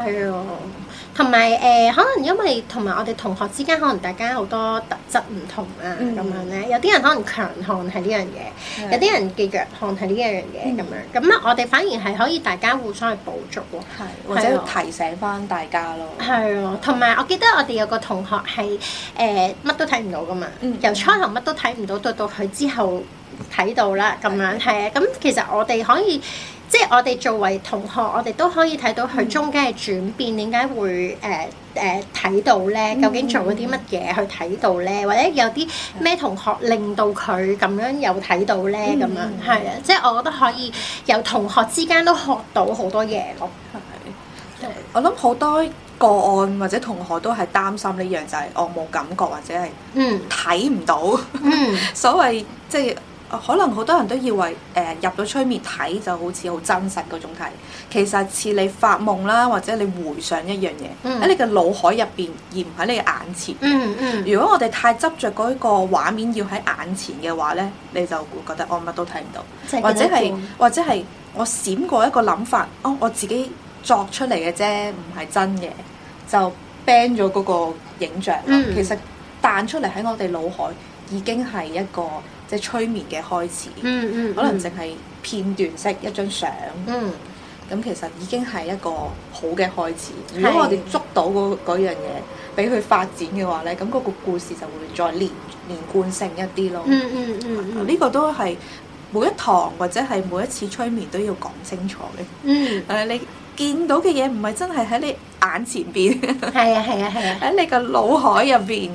係啊，同埋誒，可能因為同埋我哋同學之間，可能大家好多特質唔同啊，咁、嗯、樣咧，有啲人可能強項係呢樣嘢，嗯、有啲人嘅弱項係呢一樣嘢咁樣。咁啊，我哋反而係可以大家互相去補足喎，或者提醒翻大家咯。係啊，同埋我記得我哋有個同學係誒乜都睇唔到噶嘛，由、嗯、初頭乜都睇唔到，到到佢之後睇到啦，咁、嗯、樣係啊。咁的的其實我哋可以。即係我哋作為同學，我哋都可以睇到佢中間嘅轉變，點解、嗯、會誒誒睇到咧？究竟做咗啲乜嘢去睇到咧？或者有啲咩同學令到佢咁樣有睇到咧？咁樣係啊、嗯，即係我覺得可以由同學之間都學到好多嘢咯。係，我諗好多個案或者同學都係擔心呢樣，就係、是、我冇感覺或者係睇唔到。嗯， 所謂即係。可能好多人都以為誒、呃、入咗催眠睇就好似好真實嗰種睇，其實似你發夢啦，或者你回想一樣嘢喺、嗯、你嘅腦海入邊，而唔喺你嘅眼前。嗯嗯、如果我哋太執着嗰一個畫面要喺眼前嘅話咧，你就會覺得我乜都睇唔到或，或者係或者係我閃過一個諗法，哦我自己作出嚟嘅啫，唔係真嘅，就 ban 咗嗰個影像。嗯、其實彈出嚟喺我哋腦海，已經係一個即係催眠嘅開始，嗯嗯、可能淨係片段式一張相，咁、嗯、其實已經係一個好嘅開始。嗯、如果我哋捉到嗰、嗰個、樣嘢，俾佢發展嘅話咧，咁嗰個故事就會再連連貫性一啲咯。嗯嗯嗯呢、啊呢個都係每一堂或者係每一次催眠都要講清楚嘅。嗯，但係，你見到嘅嘢唔係真係喺你。眼前邊，係啊係啊係啊！喺、啊啊、你個腦海入邊，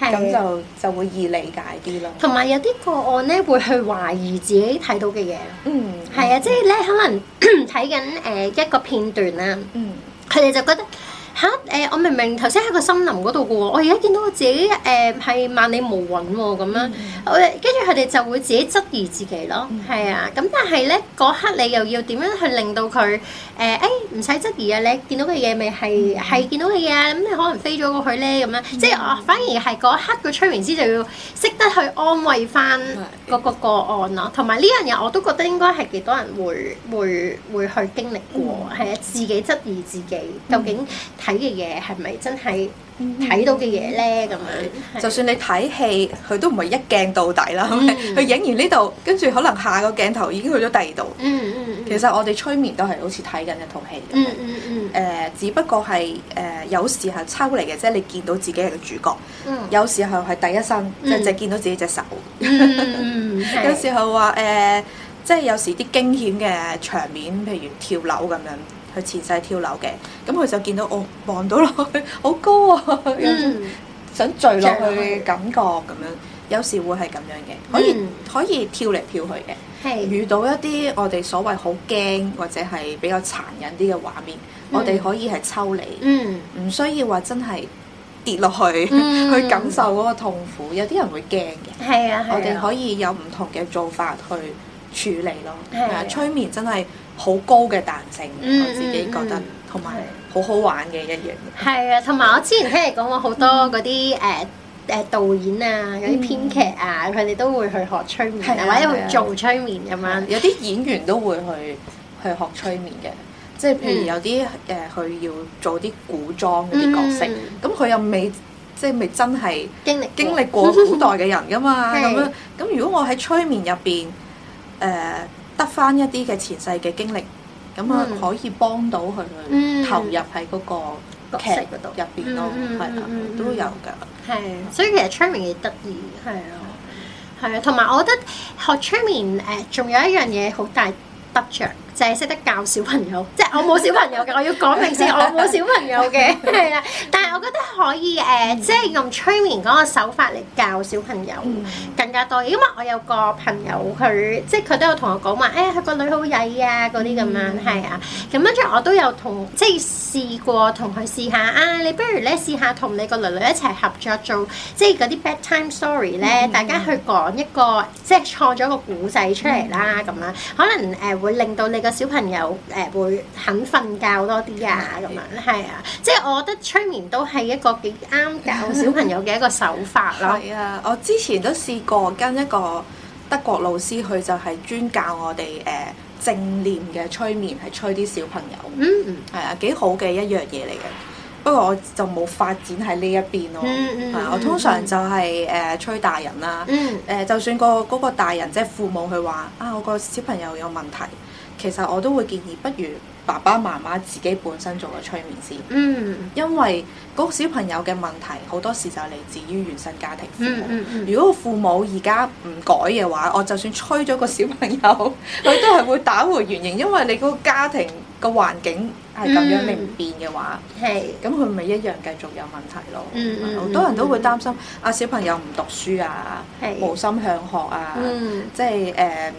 咁、嗯啊、就就會易理解啲咯。同埋有啲個案咧，會去懷疑自己睇到嘅嘢。嗯，係啊，即係咧，可能睇緊誒一個片段啦，嗯，佢哋就覺得。嚇！誒、啊，我明明頭先喺個森林嗰度嘅喎，我而家見到我自己誒係、呃、萬里無雲喎咁樣。我跟住佢哋就會自己質疑自己咯。係、mm. 啊，咁但係咧嗰刻你又要點樣去令到佢誒，誒唔使質疑啊！你見到嘅嘢咪係係、mm. 見到嘅嘢咪係係見到嘅嘢啊？咁你可能飛咗過去咧咁樣。Mm. 即係、啊、我反而係嗰刻個催眠師就要識得去安慰翻嗰、嗰個 mm. 個個案咯。同埋呢樣嘢我都覺得應該係幾多人會會會去經歷過係、mm. 啊、自己質疑自己究竟。Mm. Mm. 睇嘅嘢係咪真係睇到嘅嘢咧？咁樣就算你睇戲，佢都唔係一鏡到底啦。佢影、嗯、完呢度，跟住可能下個鏡頭已經去咗第二度。嗯嗯，其實我哋催眠都係好似睇緊一套戲。嗯嗯，嗯、呃、只不過係誒、呃，有時候抽嚟嘅，即、就、係、係、你見到自己係個主角。 有時候係第一身，即係見到自己隻手。呃、有時候話誒，即係有時啲驚險嘅場面，譬如跳樓咁樣。去前世跳樓嘅，咁佢就見到哦，望到落去，好高啊，有種、嗯、想墜落去嘅感覺咁樣。有時會係咁樣嘅，可以、嗯、可以跳嚟跳去嘅。是遇到一啲我哋所謂好驚或者係比較殘忍啲嘅畫面，嗯、我哋可以係抽離，唔、嗯、需要話真係跌落去、嗯、 去感受嗰個痛苦。有啲人會驚嘅，係啊，嗯、啊我哋可以有唔同嘅做法去。處理咯，係啊！催眠真係好高嘅彈性，我自己覺得同埋好好玩嘅一樣。係啊，同埋我之前聽你講過好多嗰啲誒誒導演啊，有啲編劇啊，佢哋都會去學催眠，或者去做催眠咁樣。有啲演員都會去去學催眠嘅，即係譬如有啲誒佢要做啲古裝嗰啲角色，咁佢又未即係未真係經歷經歷過古代嘅人噶嘛，咁樣咁如果我喺催眠入邊，誒得翻一啲嘅前世嘅經歷，咁啊、嗯、可以幫到佢去投入喺嗰個劇度入邊咯，係啊，都有㗎。係的，嗯、所以其實催眠幾得意係啊，係啊，同埋的的我覺得學催眠誒，仲、呃、有一樣嘢好大得着。的的淨係識得教小朋友，即係我冇小朋友嘅，我要講明先， 我冇小朋友嘅，係啊！但係我覺得可以誒、呃、即係用催眠嗰個手法嚟，教小朋友更加多，因為我有個朋友佢，即係佢都有同我講話誒佢個女好曳啊啲咁樣，係啊，咁跟住我都有同即係試過同佢試下啊，你不如咧試下同你個女女一齊合作做，即係啲 bedtime story 咧，大家去講一個、嗯、即係創咗個古仔出嚟啦，咁、嗯、樣可能誒、呃、會令到你個。小朋友誒、呃、會肯瞓覺多啲啊咁是樣，係啊，即係我覺得催眠都係一個幾啱教小朋友嘅一個手法咯。係啊，我之前都試過跟一個德國老師去，佢就係、是、專教我哋誒、呃、正念嘅催眠，係催啲小朋友。嗯嗯，係、嗯、啊，幾好嘅一樣嘢嚟嘅。不過我就冇發展喺呢一邊咯。嗯嗯，嗯、啊，我通常就係、是、誒、呃、催大人啦。嗯，誒，就算個嗰個大人即係、就是、父母佢話啊，我個小朋友有問題。其實我都會建議，不如爸爸媽媽自己本身做個催眠師。嗯，因為嗰個小朋友嘅問題好多時就嚟自於原生家庭。父母、嗯嗯、如果父母而家唔改嘅話，我就算催咗個小朋友，佢都係會打回原形，嗯、因為你嗰個家庭個環境係咁樣，嗯、你唔變嘅話，係、嗯。咁佢咪一樣繼續有問題咯。好、嗯嗯、多人都會擔心阿、嗯嗯啊、小朋友唔讀書啊，係無心向學啊。嗯嗯、即係誒。Um,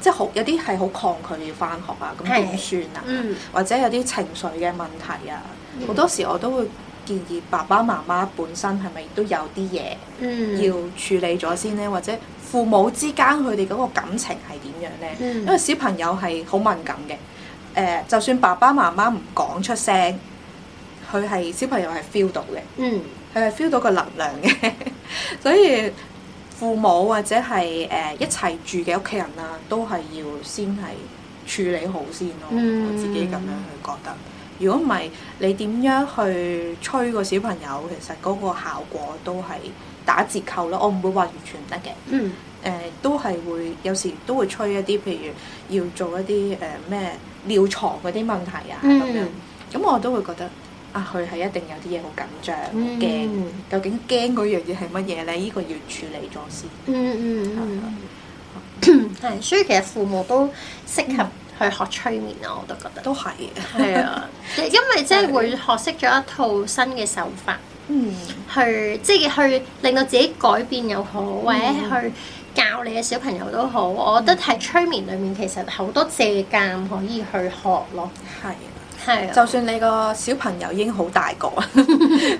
即係好有啲係好抗拒要翻學啊！咁點算啊？嗯、或者有啲情緒嘅問題啊，好、嗯、多時我都會建議爸爸媽媽本身係咪都有啲嘢、嗯、要處理咗先呢？或者父母之間佢哋嗰個感情係點樣呢？嗯、因為小朋友係好敏感嘅，誒、呃，就算爸爸媽媽唔講出聲，佢係小朋友係 feel 到嘅，佢係、嗯、feel 到個能量嘅， 所以。父母或者係誒、呃、一齊住嘅屋企人啦，都係要先係處理好先咯。嗯、我自己咁樣去覺得，如果唔係你點樣去催個小朋友，其實嗰個效果都係打折扣咯。我唔會話完全唔得嘅。嗯，誒、呃、都係會有時都會催一啲，譬如要做一啲誒咩尿床嗰啲問題啊咁樣。咁、嗯、我都會覺得。啊！佢係一定有啲嘢好緊張、好驚、嗯。究竟驚嗰樣嘢係乜嘢咧？呢、呢個要處理咗先、嗯。嗯嗯。係， 所以其實父母都適合去學催眠咯，我都覺得。都係是。係啊，因為即係會學識咗一套新嘅手法，嗯，去即係、就是、去令到自己改變又好，嗯、或者去教你嘅小朋友都好。嗯、我覺得係催眠裏面其實好多借鑑可以去學咯。係。就算你個小朋友已經好大個，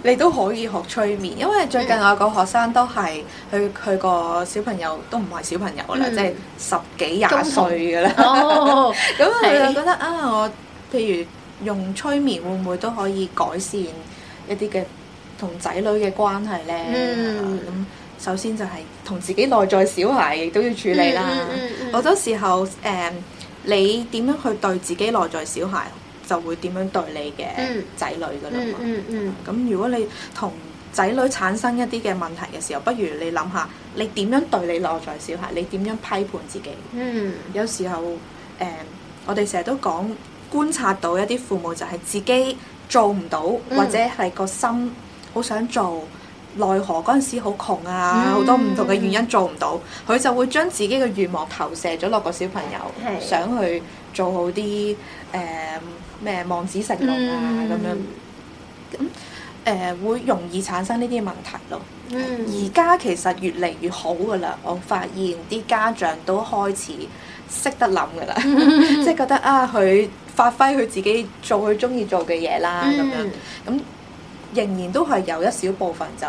你都可以學催眠。dynasty 因為最近我個學生都係佢、佢個小朋友都唔係小朋友啦，um, 即係十幾廿歲噶啦。咁佢 就覺得啊，uh, 我譬如用催眠會唔會都可以改善一啲嘅同仔女嘅關係呢？嗯、um, 啊，咁首先就係同自己內在小孩亦都要處理啦。好、um, um, um、多時候誒，uh, 你點樣去對自己內在小孩？就會點樣對你嘅仔女噶啦嘛？咁如果你同仔女產生一啲嘅問題嘅時候，不如你諗下，你點樣對你內在小孩？你點樣批判自己？嗯、有時候誒、嗯，我哋成日都講觀察到一啲父母就係自己做唔到，嗯、或者係個心好想做，奈何嗰陣時好窮啊，好、嗯、多唔同嘅原因做唔到，佢就會將自己嘅願望投射咗落個小朋友，嗯、是想去做好啲誒。嗯咩望子成龍啦、啊、咁樣，咁誒、嗯呃、會容易產生呢啲問題咯。而家、嗯、其實越嚟越好噶啦，我發現啲家長都開始識得諗噶啦，嗯、 即係覺得啊，佢發揮佢自己做佢中意做嘅嘢啦咁樣。咁、嗯嗯嗯、仍然都係有一小部分就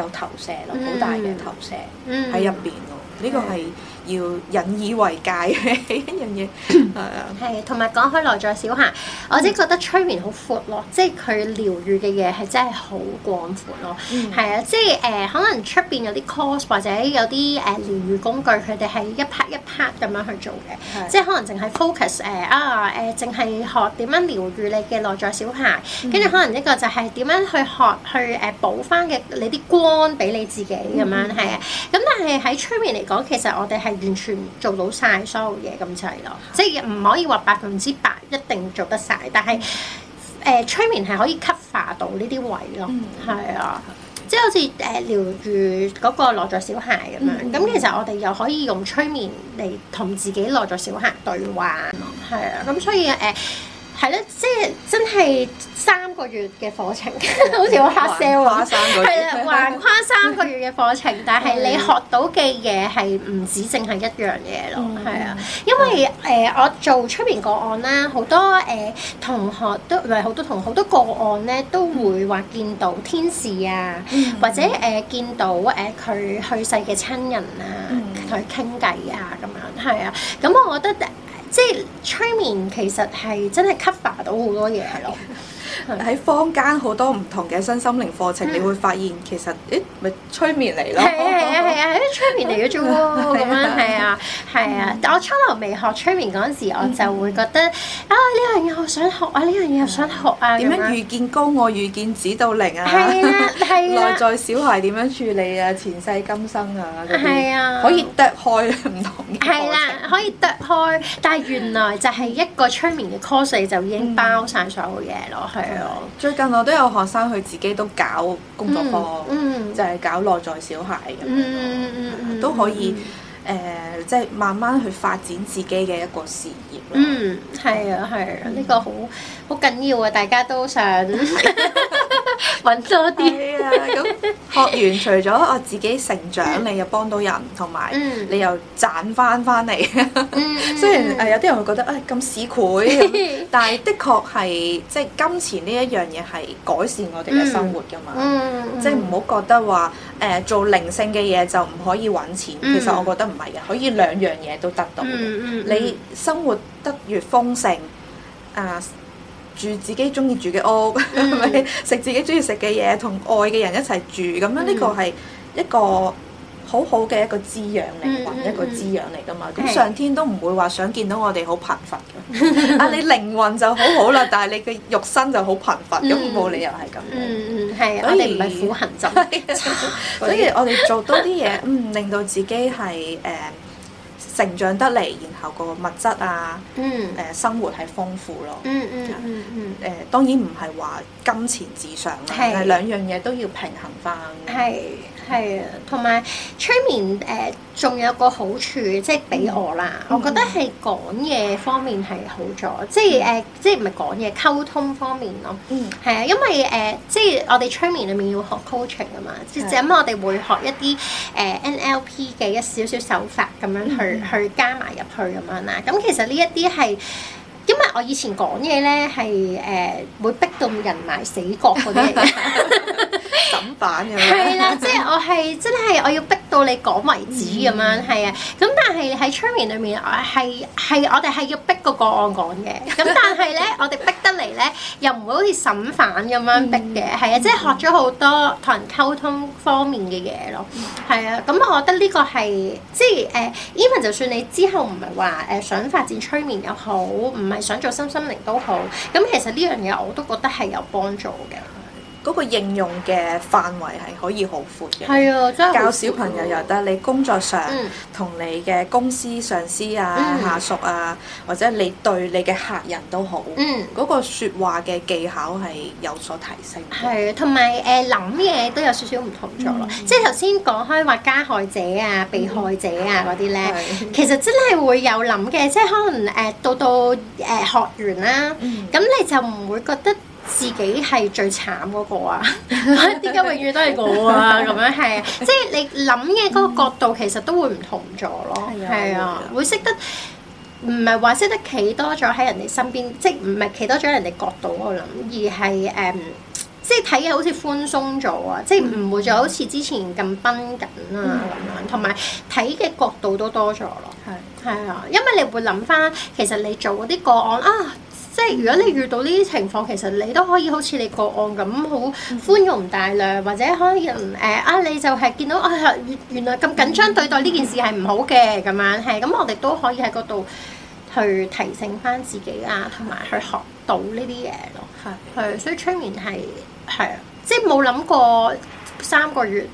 有投射咯，好大嘅投射喺入邊咯。呢、嗯嗯嗯、個係。要引以為戒嘅一樣嘢，係 啊、嗯，係同埋講開內在小孩，我真覺得催眠好闊咯，就是嗯嗯、即係佢療愈嘅嘢係真係好廣闊咯，係、呃、啊，即係誒可能出邊有啲 course 或者有啲誒療愈工具，佢哋係一 part 一 part 咁樣去做嘅，是即係可能淨係 focus 誒、呃、啊誒、呃、淨係、呃、學點樣療愈你嘅內在小孩，跟住可能呢個就係點樣去學去誒補翻嘅你啲光俾你自己咁樣係啊，咁、嗯、但係喺催眠嚟講其實我哋係。完全做到晒所有嘢咁就係咯，即係唔可以話百分之百一定做得晒。但係誒、嗯呃、催眠係可以吸化到呢啲位咯，係、嗯、啊，即係好似誒療癒嗰個內在小孩咁樣，咁、嗯、其實我哋又可以用催眠嚟同自己內在小孩對話咯，係、嗯、啊，咁所以誒。呃係咯，即係真係三個月嘅課程， 好似好黑社會，係啦， 橫跨三個月嘅課程，但係你學到嘅嘢係唔止淨係一樣嘢咯，係、嗯、啊，嗯、因為誒對、呃、我做出邊個案啦，好多誒、呃、同學都唔係好多同學，好多個案咧都會話見到天使啊，嗯、或者誒、呃、見到誒佢、呃、去世嘅親人啊，同佢傾偈啊咁樣，係啊，咁、啊啊、我覺得。即係催眠，其實係真係 cover 到好多嘢咯。 喺坊間好多唔同嘅新心靈課程，你會發現其實誒咪催眠嚟咯，係啊係啊，啲催眠嚟嘅啫喎，係啊係啊，我初頭未學催眠嗰陣時，我就會覺得啊，呢樣嘢好想學啊，呢樣嘢又想學啊，點樣遇見高我，遇見指導靈啊，係啊係啊，內在小孩點樣處理啊，前世今生啊，係啊，可以剁開唔同嘅，係啦，可以剁開，但係原來就係一個催眠嘅 course 就已經包晒所有嘢落去。最近我都有學生，佢自己都搞工作坊，嗯嗯、就係搞內在小孩咁，嗯嗯嗯、都可以誒，即係、嗯呃就係、慢慢去發展自己嘅一個事業。嗯，係啊，係啊，呢、嗯、個好好緊要啊，大家都想。 揾多啲啊、 哎！咁學完除咗我自己成長， 你又幫到人，同埋你又賺翻翻嚟。 雖然誒、哎、有啲人會覺得誒咁、哎、市儈，但係的確係即係金錢呢一樣嘢係改善我哋嘅生活噶嘛。即係唔好覺得話誒、呃、做靈性嘅嘢就唔可以揾錢。其實我覺得唔係嘅，可以兩樣嘢都得到。 你生活得越豐盛，誒、呃、住自己中意住嘅屋，係咪食自己中意食嘅嘢，同愛嘅人一齊住咁樣？呢個係一個好好嘅一個滋養靈魂，嗯嗯嗯、一個滋養嚟噶嘛。咁的上天都唔會話想見到我哋好貧乏嘅。 啊，你靈魂就好好啦，但係你嘅肉身就好貧乏咁，冇、嗯、理由係咁。嗯嗯，你唔係苦行僧，所以我哋做多啲嘢，嗯，令到自己係誒。Uh, 成長得嚟，然後個物質啊，誒、嗯呃、生活係豐富咯。嗯嗯嗯嗯，誒、嗯嗯嗯呃、當然唔係話。金錢至上啦，兩樣嘢都要平衡返。係係啊，同埋催眠誒，仲有個好處，即係俾我啦。我覺得係講嘢方面係好咗，即係誒，即係唔係講嘢溝通方面咯。嗯，係啊，因為誒，即係我哋催眠裏面要學 coaching 啊嘛，即係咁我哋會學一啲誒 NLP 嘅一少少手法咁樣去去加埋入去咁樣啦。咁其實呢一啲係。因為我以前講嘢咧，係誒、呃、會逼到人埋死角嗰啲。審犯咁，係啦， 即係我係，真係我要逼到你講為止咁樣，係啊、嗯。咁但係喺催眠裏面，我係係我哋係要逼個個案講嘅。咁 但係咧，我哋逼得嚟咧，又唔會好似審犯咁樣逼嘅，係啊、嗯。即係學咗好多同人溝通方面嘅嘢咯，係啊、嗯。咁、嗯嗯、我覺得呢個係即係誒，Even 就算你之後唔係話誒想發展催眠又好，唔係想做心心靈都好，咁其實呢樣嘢我都覺得係有幫助嘅。嗰個應用嘅範圍係可以好闊嘅，啊、教小朋友又得，你工作上同你嘅公司上司啊、嗯、下屬啊，或者你對你嘅客人都好，嗰、嗯、個説話嘅技巧係有所提升。係、啊，呃、同埋誒諗嘢都有少少唔同咗咯。嗯、即係頭先講開話加害者啊、被害者啊嗰啲咧，其實真係會有諗嘅。即係可能誒、呃、到到誒學完啦、啊，咁、嗯、你就唔會覺得，自己係最慘嗰個啊！點解永遠都係我啊？咁 樣係啊，即係你諗嘅嗰個角度其實都會唔同咗咯，係啊，會識得唔係話識得企多咗喺人哋身邊，即係唔係企多咗喺人哋角度我諗，而係誒，即係睇嘅好似寬鬆咗啊，即係唔會再好似之前咁繃緊啊咁樣，同埋睇嘅角度都多咗咯，係係啊，因為你會諗翻，其實你做嗰啲個案啊。即係如果你遇到呢啲情況，其實你都可以好似你個案咁好寬容大量，或者可能誒啊，你就係見到啊，原來咁緊張對待呢件事係唔好嘅咁樣，係咁我哋都可以喺嗰度去提醒翻自己啊，同埋去學到呢啲嘢咯，係係是的，所以催眠係係啊即係冇諗過。三個月，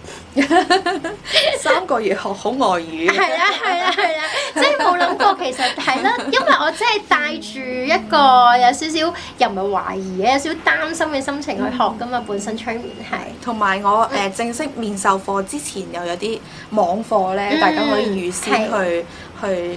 三 個月學好外語，係 啊，係啊，係啊。即係冇諗過其實係啦，因為我真係帶住一個有少少又唔係懷疑嘅、有少少擔心嘅心情去學噶嘛，本身催眠係。同埋我誒、呃、正式面授課之前又有啲網課咧，大家可以預先去、嗯、的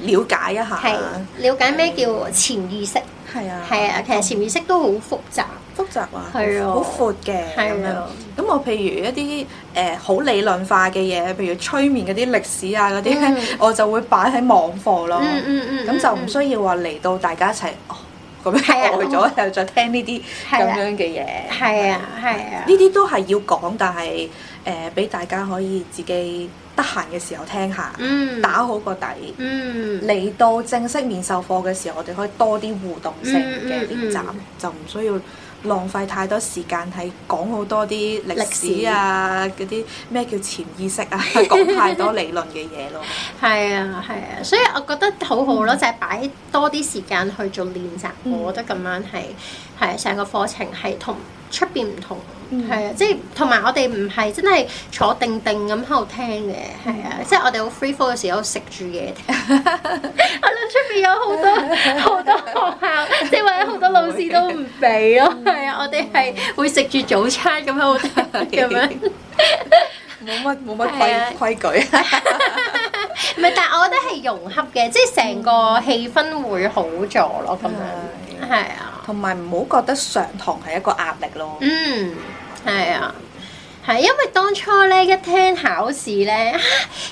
去了解一下啦。了解咩叫潛意識？係啊的，係啊，其實潛意識都好複雜。複雜啊，係啊，好闊嘅咁樣。咁我譬如一啲誒好理論化嘅嘢，譬如催眠嗰啲歷史啊嗰啲咧，我就會擺喺網課咯。咁就唔需要話嚟到大家一齊哦咁樣攰咗又再聽呢啲咁樣嘅嘢。係啊，係啊。呢啲都係要講，但係誒俾大家可以自己得閒嘅時候聽下，打好個底。嚟到正式面授課嘅時候，我哋可以多啲互動性嘅練習，就唔需要。浪費太多時間係講好多啲歷史啊，嗰啲咩叫潛意識啊，講 太多理論嘅嘢咯。係 啊，係啊，所以我覺得好好咯，嗯、就係擺多啲時間去做練習。嗯、我覺得咁樣係係啊，成個課程係同出邊唔同，係啊，即係同埋我哋唔係真係坐定定咁喺度聽嘅，係啊，即係我哋好 freefall 嘅時候食住嘢聽。我諗出邊有好多好多學校，即係或者好多老師都唔俾咯。係啊，我哋係會食住早餐咁喺度咁樣，冇乜冇乜規規矩。唔係，但我覺得係融合嘅，即係成個氣氛會好咗咯，咁樣係啊。同埋唔好覺得上堂係一個壓力囉。嗯，係啊。係，因為當初咧一聽考試咧，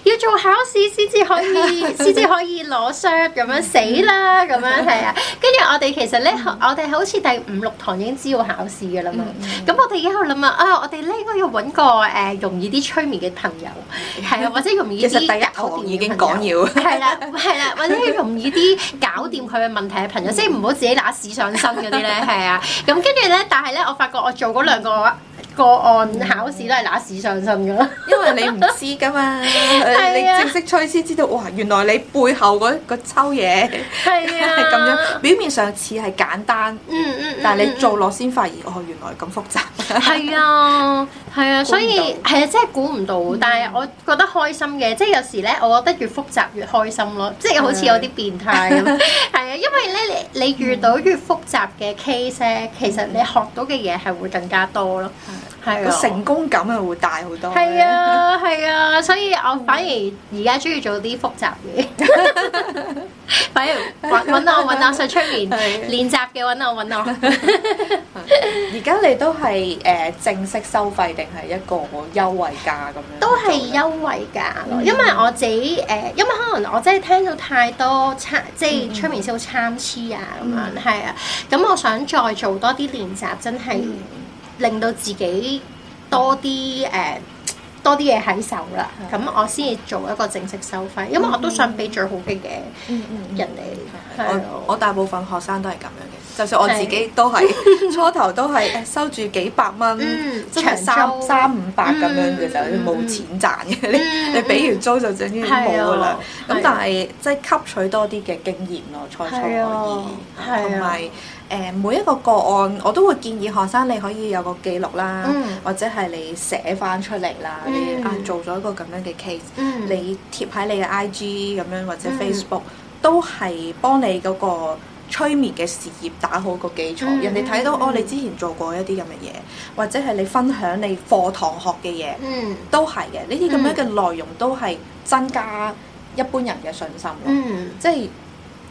要做考試先至可以，先至 可以攞 share 咁樣死啦，咁樣係啊。跟住我哋其實咧， 我哋好似第五六堂已經知道考試嘅啦嘛。咁 我哋已經喺度諗啊，啊我哋咧應該要揾個誒容易啲催眠嘅朋友，係啊， 或者容易啲搞掂嘅朋友。其實第一堂已經講要係啦，係啦，或者容易啲搞掂佢嘅問題嘅朋友，即係唔好自己攬屎上身嗰啲咧，係啊。咁跟住咧，但係咧， 我發覺我做嗰兩個。個案考試都係拿屎上身噶，因為你唔知噶嘛， 你正式吹先知道，哇，原來你背後嗰抽嘢係啊，係咁樣表面上似係簡單，嗯嗯，嗯，嗯，嗯，嗯嗯，但係你做落先發現，哦，原來咁複雜，係 啊。係啊，所以係啊，真係估唔到。嗯、但係我覺得開心嘅，即係有時咧，我覺得越複雜越開心咯。即係好似有啲變態咁的，係啊，因為咧，你你遇到越複雜嘅 case 咧，其實你學到嘅嘢係會更加多咯。嗯嗯係啊，成功感又會大好多。係啊，係啊，所以我反而而家中意做啲複雜嘢， 反而揾揾我揾我上出面練習嘅揾我揾我。而家你都係誒、呃、正式收費定係一個優惠價咁樣？都係優惠價咯，嗯、因為我自己誒、呃，因為可能我真係聽到太多差，即係出面好參差啊咁、嗯、樣，係啊，咁我想再做多啲練習，真係。嗯令到自己多啲誒多啲嘢喺手啦，咁我先至做一個正式收費，因為我都想俾最好嘅嘅人嚟。我大部分學生都係咁樣嘅，就算我自己都係初頭都係收住幾百蚊，長三三五百咁樣嘅就冇錢賺嘅。你你俾完租就總之冇噶啦。咁但係即係吸取多啲嘅經驗咯，初初可以，同埋。誒每一個個案，我都會建議學生你可以有個記錄啦，或者係你寫翻出嚟啦，你啊做咗一個咁樣嘅 case，你貼喺你嘅 IG 咁樣或者 Facebook，都係幫你嗰個催眠嘅事業打好個基礎。人哋睇到哦，你之前做過一啲咁嘅嘢，或者係你分享你課堂學嘅嘢，都係嘅。呢啲咁樣嘅內容都係增加一般人嘅信心。嗯，即係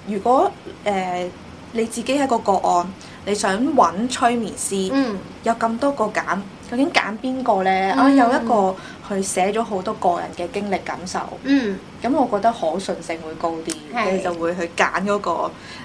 如果誒。你自己係一個個案，你想揾催眠師，嗯、有咁多個揀，究竟揀邊個呢？嗯、啊，有一個去寫咗好多個人嘅經歷感受，咁、嗯、我覺得可信性會高啲，你是就會去揀嗰、那個、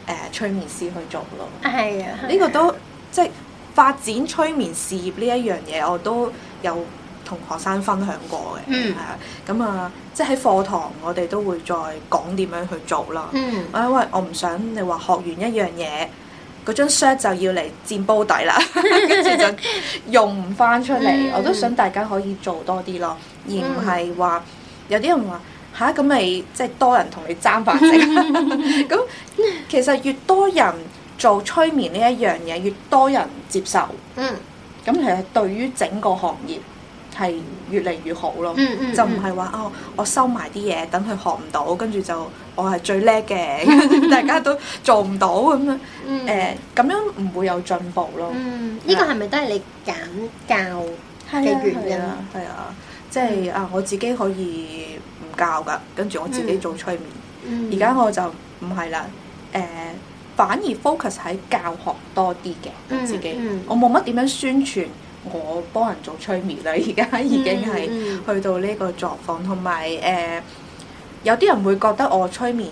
呃、催眠師去做咯。係啊，呢、啊、個都即係、就是、發展催眠事業呢一樣嘢，我都有。同學生分享過嘅，係啊、嗯，咁啊，即係喺課堂我哋都會再講點樣去做啦。嗯、啊，因為我唔想你話學完一樣嘢，嗰張 shirt 就要嚟佔煲底啦，跟 住就用唔翻出嚟。嗯、我都想大家可以做多啲咯，而唔係話有啲人話吓，咁、啊、咪即係多人同你爭飯食。咁、 嗯、 其實越多人做催眠呢一樣嘢，越多人接受。嗯，咁、嗯嗯、其實對於整個行業，係越嚟越好咯，嗯、就唔係話哦，我收埋啲嘢等佢學唔到，跟住就我係最叻嘅，嗯、大家都做唔到咁、嗯嗯、樣。誒，咁樣唔會有進步咯。呢個係咪都係你揀教嘅原因啊？係啊，即係啊，我自己可以唔教噶，跟住我自己做催眠。而家、嗯、我就唔係啦，誒、呃，反而 focus 喺教學多啲嘅自己，嗯嗯、我冇乜點樣宣傳。我幫人做催眠啦，而家已經係去到呢個狀況，同埋誒有啲、呃、人會覺得我催眠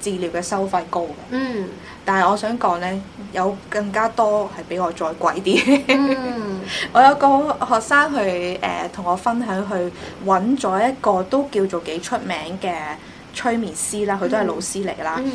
治療嘅收費高嘅，嗯，但係我想講咧，有更加多係比我再貴啲。嗯、 我有個學生去誒同、呃、我分享，去揾咗一個都叫做幾出名嘅催眠師啦，佢都係老師嚟噶啦，誒、嗯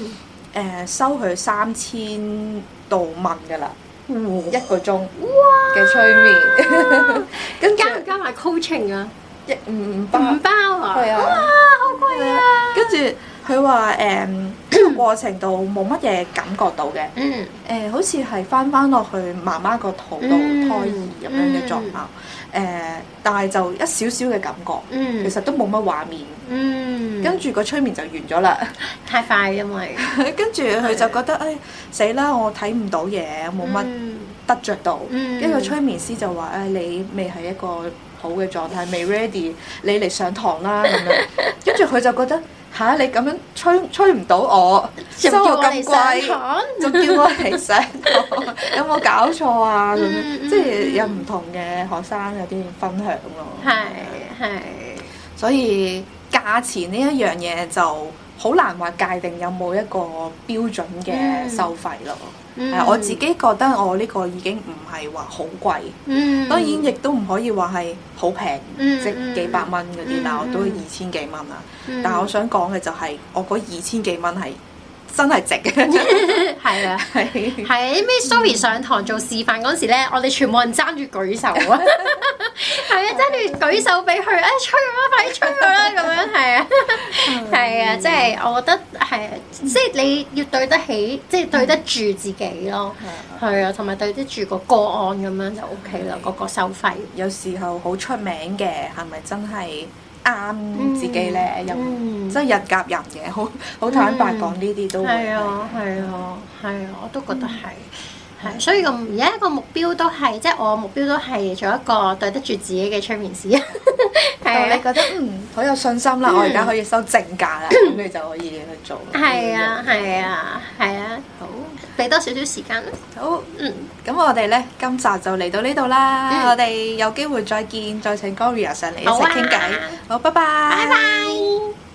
嗯呃、收佢三千度蚊噶啦。嗯，一個鐘，哇嘅催眠，咁哇 後加加埋 coaching 啊？一唔唔包，唔包啊！哇、啊啊啊，好貴啊！跟住、啊。佢話誒過程度冇乜嘢感覺到嘅，誒、嗯欸、好似係翻翻落去媽媽個肚度胎兒咁樣嘅狀態，誒、嗯嗯嗯嗯、但係就一少少嘅感覺，其實都冇乜畫面，嗯嗯、跟住個催眠就完咗啦。太快，因為 跟住佢就覺得誒死啦，我睇唔到嘢，冇乜得着到，跟住、嗯、催眠師就話誒、哎、你未係一個好嘅狀態，未 ready，你嚟上堂啦咁樣， 跟住佢就覺得。嚇、啊！你咁樣吹吹唔到我，叫我收我咁貴，仲叫我嚟上堂。 有冇搞錯啊？即係有唔同嘅學生有啲分享咯，係係。所以價錢呢一樣嘢就好難話界定有冇一個標準嘅收費咯。嗯我自己覺得我呢個已經唔係話好貴，嗯、當然亦都唔可以話係好平，嗯、即幾百蚊嗰啲，但我都要二千幾蚊啦。嗯、但係我想講嘅就係我嗰二千幾蚊係。真係值嘅，係啊，係。喺咩 Sory 上堂做示範嗰時咧，我哋全部人爭住舉手啊，係啊，爭住舉手俾佢，哎吹啦，快啲吹佢啦，咁樣係啊，係啊，即係我覺得係，即係你要對得起，即係對得住自己咯，係啊，同埋對得住個個案咁樣就 OK 啦。個個收費有時候好出名嘅，係咪真係？啱自己咧，又即係日夾人嘅，好好坦白講呢啲都係啊，係啊，係，我都覺得係，係，所以個而家個目標都係，即係我目標都係做一個對得住自己嘅催眠師啊。當你覺得嗯好有信心啦，我而家可以收正價啦，咁你就可以去做。係啊，係啊，係啊，好。俾多少少時間。好，嗯，咁我哋咧今集就嚟到呢度啦。嗯、我哋有機會再見，再請 Gloria 上嚟一齊傾偈。好，拜拜。拜拜。